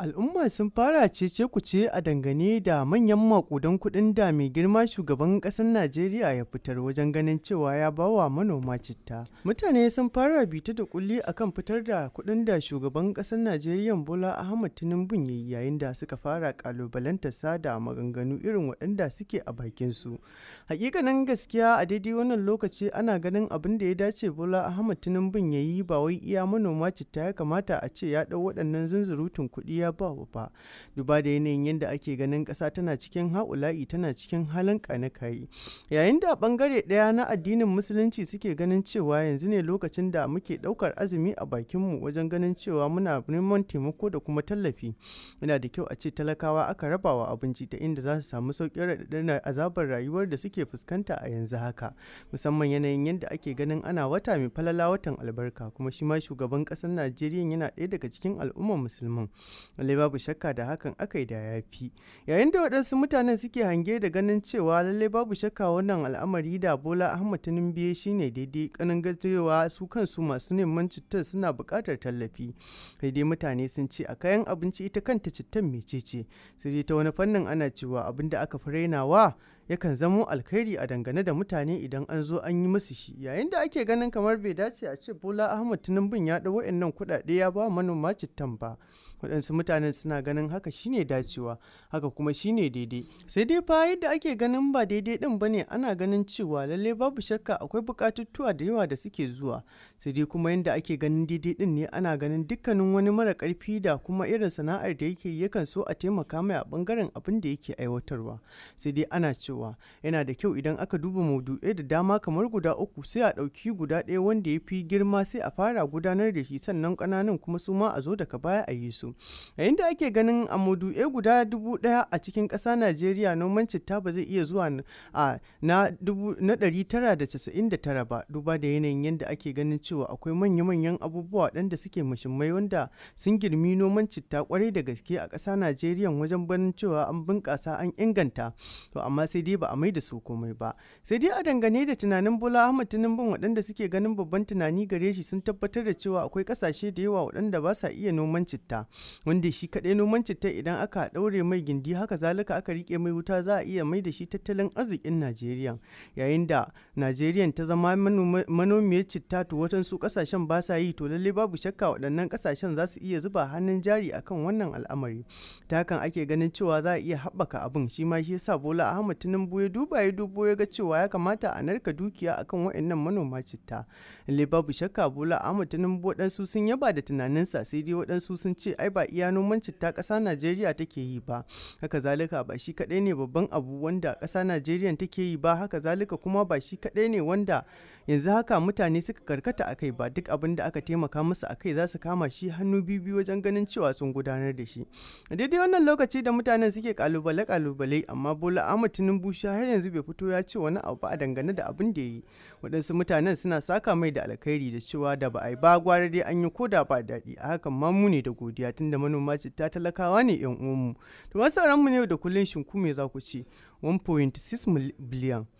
Al'umma sun fara cece ce a dangane da manyan makudan kuɗin da mai girma shugaban kasar Najeriya ya fitar wajen ganin cewa ya bawa manoma citta. Mutane sun fara bita da kulli akan fitar da kuɗin da shugaban ƙasar Najeriya Bola Ahmad Tinubu yayi yayin da suka fara kalubalantar sada maganganu irin waɗanda suke a bakin su. Hakikanin gaskiya a daidai wannan lokaci ana ganin abin da ya dace Bola Ahmad Tinubu yayi ba wai iya manoma citta ya kamata a ce ya ɗau waɗannan zunzurutun kuɗi ya gida duba da yanayin yadda ake ganin ƙasa tana cikin haula'i tana cikin halin kanakayi yayin da bangare ɗaya na addinin musulunci suke ganin cewa yanzu ne lokacin da muke ɗaukar azumi a bakinmu wajen ganin cewa muna neman taimako da kuma tallafi yana da kyau a ce talakawa aka rabawa abinci ta inda za su samu sauƙin raɗaɗin azabar rayuwar da suke fuskanta a yanzu haka musamman yanayin yadda ake ganin ana wata mai falala watan albarka kuma shi ma shugaban ƙasar najeriya yana ɗaya daga cikin al'ummar musulman lallai babu shakka da hakan aka yi da ya fi yayin da waɗansu mutanen suke hange da ganin cewa lallai babu shakka wannan al'amari da bola ahmad biye shine daidai kanin gajewa su kansu masu neman cutar suna buƙatar tallafi daidai mutane sun ce a kayan abinci ita kanta cutar mecece sai dai ta wani fannin ana cewa abin da aka fi rainawa yakan zamo alkhairi a dangane da mutane idan an zo an yi musu shi yayin da ake ganin kamar bai dace a ce bola ahmad tinubu ya ɗau wa'annan kuɗaɗe ya ba manoma cittan ba waɗansu mutanen suna ganin haka shine dacewa haka kuma shine daidai sai dai fa yadda ake ganin ba daidai din ne ana ganin cewa lalle babu shakka akwai bukatuttuwa da yawa da suke zuwa sai dai kuma yadda ake ganin daidai ɗin ne ana ganin dukkanin wani mara karfi da kuma irin sana'ar da yake yakan so a taimaka mai a bangaren abin da yake aiwatarwa sai dai ana cewa yana da kyau idan aka duba maudu'ai da dama kamar guda uku sai a ɗauki guda ɗaya wanda ya fi girma sai a fara gudanar da shi sannan ƙananan kuma su ma a zo daga baya a yi su yayin da ake ganin a maudu'ai guda dubu ɗaya a cikin ƙasa najeriya noman citta ba zai iya zuwa a na ɗari tara da casa'in da tara ba duba da yanayin yadda ake ganin cewa akwai manya-manyan abubuwa waɗanda suke mashimmai wanda sun girmi noman citta kwarai da gaske a ƙasa najeriya wajen banin cewa an bunƙasa an inganta to amma sai dai dai ba a mai da su komai ba sai dai a dangane da tunanin bola ahmad tinubu waɗanda suke ganin babban tunani gare shi sun tabbatar da cewa akwai ƙasashe da yawa waɗanda ba sa iya noman citta wanda shi kaɗai noman citta idan aka ɗaure mai gindi haka zalika aka riƙe mai wuta za a iya mai da shi tattalin arzikin najeriya yayin da najeriya ta zama manomiyar citta to su ƙasashen ba sa yi to lallai babu shakka waɗannan ƙasashen za su iya zuba hannun jari akan wannan al'amari ta hakan ake ganin cewa za a iya haɓaka abin shi ma shi yasa bola ahmad tinubu Tinubu buya duba ya dubo ya ga cewa ya kamata a narka dukiya akan waɗannan manoma citta. Le babu shakka Bola Ahmad waɗansu sun yaba da tunaninsa sai dai waɗansu sun ce ai ba iya noman citta ƙasa Najeriya take yi ba. Haka zalika ba shi kaɗai ne babban abu wanda ƙasa Najeriya take yi ba haka zalika kuma ba shi kaɗai ne wanda yanzu haka mutane suka karkata a kai ba duk abin da aka taimaka musu a kai za su kama shi hannu biyu wajen ganin cewa sun gudanar da shi daidai wannan lokaci da mutanen suke kalubale kalubale amma bola busha har yanzu bai fito ya ce wani abu a dangane da abin da ya yi waɗansu mutanen suna saka mai da alkhairi da cewa da ba a yi ba gwara dai an yi ko da ba daɗi a hakan ma mu ne da godiya tunda manoma ce ta talakawa ne yan uwanmu to masu mu ne da kullun shinku me za ku ce 1.6 miliyan.